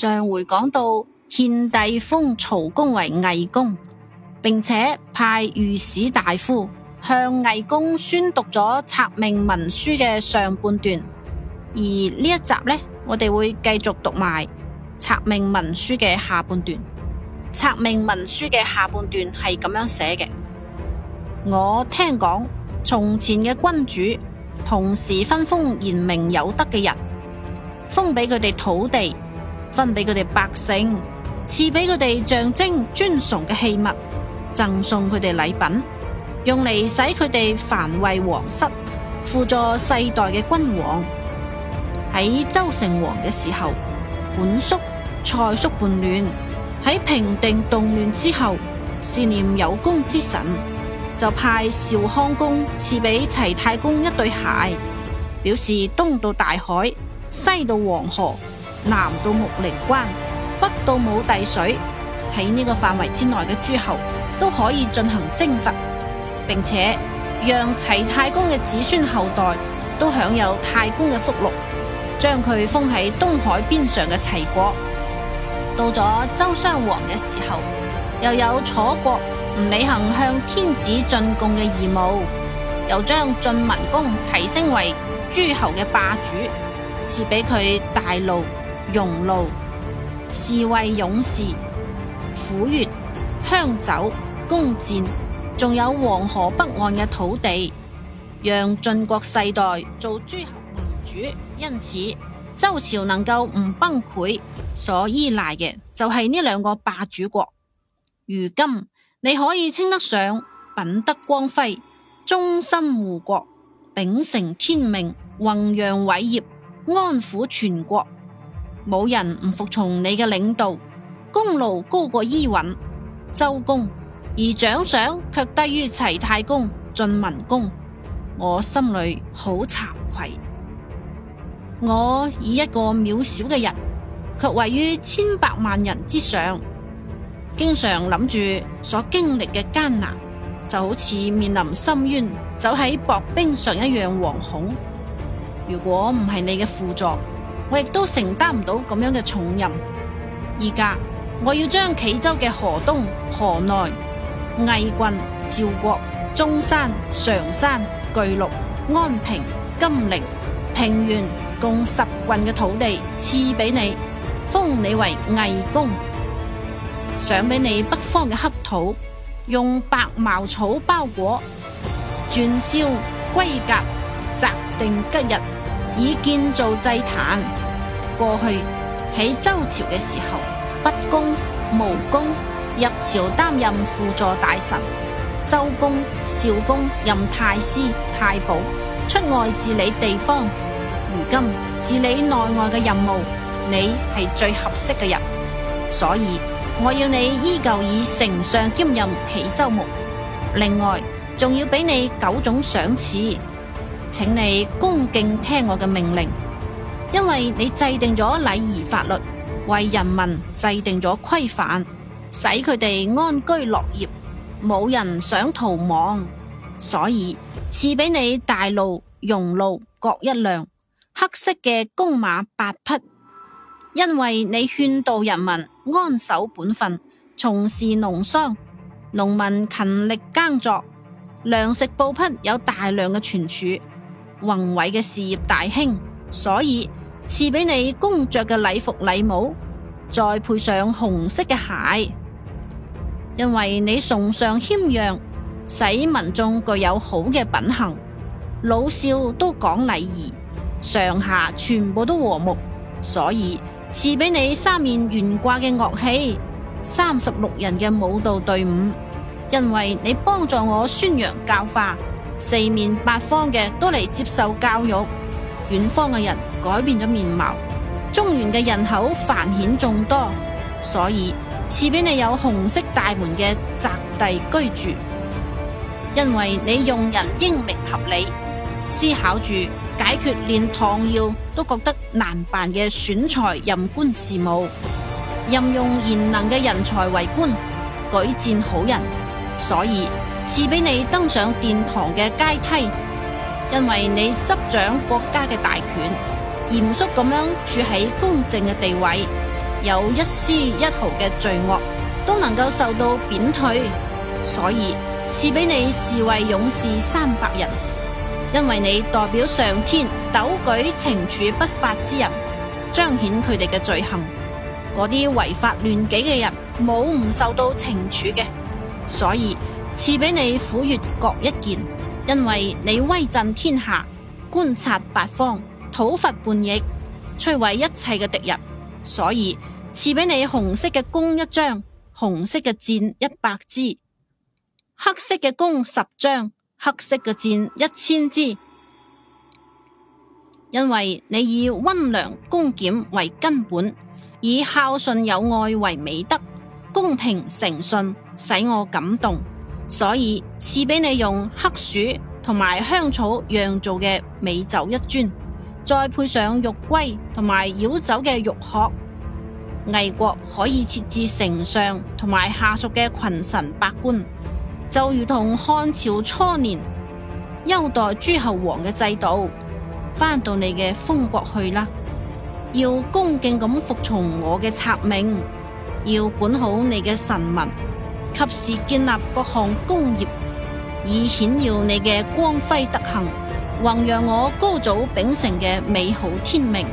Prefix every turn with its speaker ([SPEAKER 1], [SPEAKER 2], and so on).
[SPEAKER 1] 上回講到，獻帝封曹公為魏公，並且派御史大夫向魏公宣讀咗策命文書嘅上半段。而呢一集呢，我哋會繼續讀埋策命文書嘅下半段。策命文書嘅下半段係咁樣寫嘅：我聽講從前嘅君主，同時分封賢明有德嘅人，封俾佢哋土地。分俾佢哋百姓，賜俾佢哋象徵尊崇嘅器物，贈送佢哋禮品，用嚟使佢哋藩衛皇室，輔助世代嘅君王。喺周成王嘅時候，管叔、蔡叔叛亂，喺平定動亂之後，思念有功之臣，就派邵康公賜俾齊太公一對鞋，表示東到大海，西到黃河。南到穆陵關，北到武帝水，喺呢個範圍之內嘅諸侯都可以進行征伐，並且讓齊太公嘅子孫後代都享有太公嘅福祿，將佢封喺東海邊上嘅齊國。到咗周襄王嘅時候，又有楚國唔履行向天子進貢嘅義務，又將晉文公提升為諸侯嘅霸主，賜俾佢大路。戎路、侍衛勇士、斧鉞、香酒、弓箭，仲有黃河北岸嘅土地，讓晉國世代做諸侯盟主。因此周朝能夠唔崩潰，所依賴嘅就係呢兩個霸主國。如今你可以稱得上品德光輝、忠心護國、秉承天命、弘揚偉業、安撫全國。冇人唔服從你嘅領導，功勞高過伊尹、周公，而獎賞卻低於齊太公、晉文公，我心裏好慚愧。我以一個渺小嘅人，卻位於千百萬人之上，經常諗住所經歷嘅艱難，就好似面臨深淵、走喺薄冰上一樣惶恐。如果唔係你嘅輔助，我亦都承擔唔到咁樣嘅重任，而家我要將冀州嘅河東、河內、魏郡、趙國、中山、常山、鉅鹿、安平、金陵、平原共十郡嘅土地賜俾你，封你為魏公，賞俾你北方嘅黑土，用白茅草包裹，鑽燒龜甲，擇定吉日，以建造祭壇。過去喺周朝嘅時候，畢公、毛公入朝擔任輔助大臣，周公、召公任太師、太保，出外治理地方。如今治理內外嘅任務，你係最合適嘅人，所以我要你依舊以丞相兼任冀州牧。另外，仲要俾你九種賞賜，請你恭敬聽我嘅命令。因為你制定咗禮儀法律，為人民制定咗規範，使佢哋安居樂業，冇人想逃亡，所以賜俾你大路、戎路各一輛，黑色嘅公馬八匹。因為你勸導人民安守本分，從事農桑，農民勤力耕作，糧食布匹有大量嘅存儲，宏偉嘅事業大興，所以。賜俾你公爵嘅禮服、禮帽，再配上紅色嘅鞋，因為你崇尚謙讓，使民眾具有好嘅品行，老少都講禮儀，上下全部都和睦，所以賜俾你三面懸掛嘅樂器，三十六人嘅舞蹈隊伍，因為你幫助我宣揚教化，四面八方嘅都嚟接受教育。遠方嘅人改變咗面貌，中原嘅人口繁衍眾多，所以賜俾你有紅色大門嘅宅地居住。因為你用人英明合理，思考住解決連唐堯都覺得難辦嘅選才任官事務，任用賢能嘅人才為官，舉薦好人，所以賜俾你登上殿堂嘅階梯。因為你執掌國家嘅大權，嚴肅咁樣處喺公正嘅地位，有一絲一毫嘅罪惡都能夠受到貶退，所以賜俾你侍衛勇士三百人。因為你代表上天，抖舉懲處不法之人，彰顯佢哋嘅罪行，嗰啲違法亂紀嘅人冇唔受到懲處嘅，所以賜俾你斧鉞各一件。因為你威震天下，觀察八方，討伐叛逆，摧毀一切嘅敵人，所以賜俾你紅色嘅弓一張，紅色嘅箭一百支，黑色嘅弓十張，黑色嘅箭一千支。因為你以溫良恭儉為根本，以孝順友愛為美德，公平誠信，使我感動。所以賜俾你用黑黍同埋香草釀造嘅美酒一樽，再配上玉龜同埋舀酒嘅玉殼，魏國可以設置丞相同埋下屬嘅群臣百官，就如同漢朝初年優待諸侯王嘅制度。返到你嘅封國去啦，要恭敬咁服從我嘅策命，要管好你嘅臣民。及時建立各項功業，以顯耀你嘅光輝德行，弘揚我高祖秉承嘅美好天命。